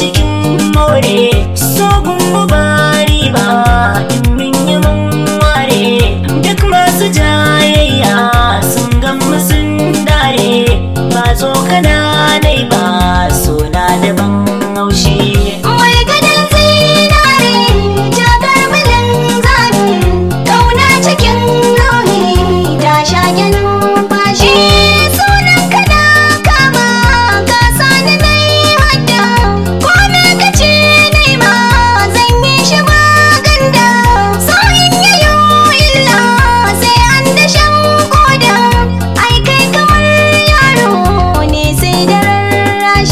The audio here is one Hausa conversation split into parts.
cikin more sogun mubari ba min yi ware duk masu jayayya sun gamu sun dare ba tsokana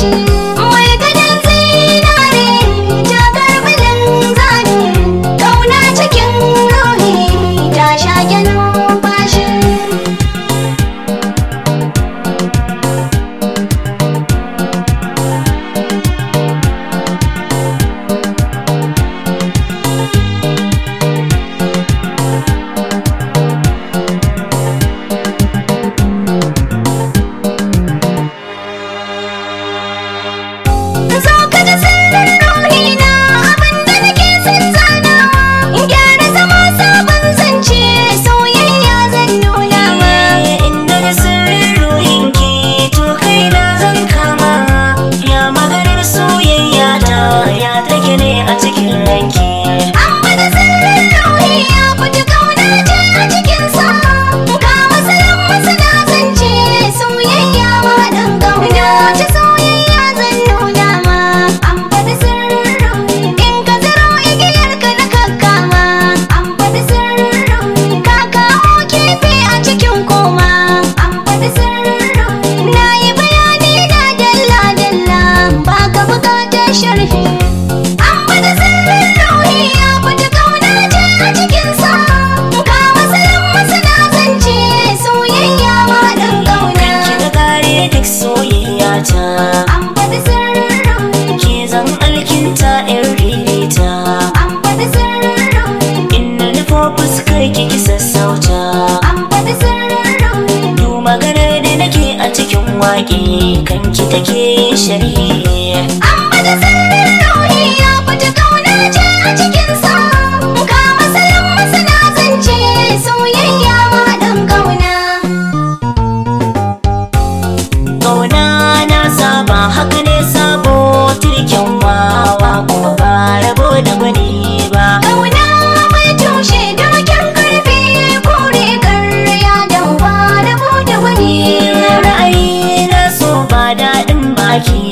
Beijinho. bata an faɗi sirrin rauni ke zan alkinta in ririta an faɗi sirrin rauni inna nufo fuskar ki ki sassauta an faɗi sirrin rauni duk maganar da nake a cikin waƙe kanki take sharhi an faɗi sirrin rauni ya fita ƙaunar ce a cikin aquí.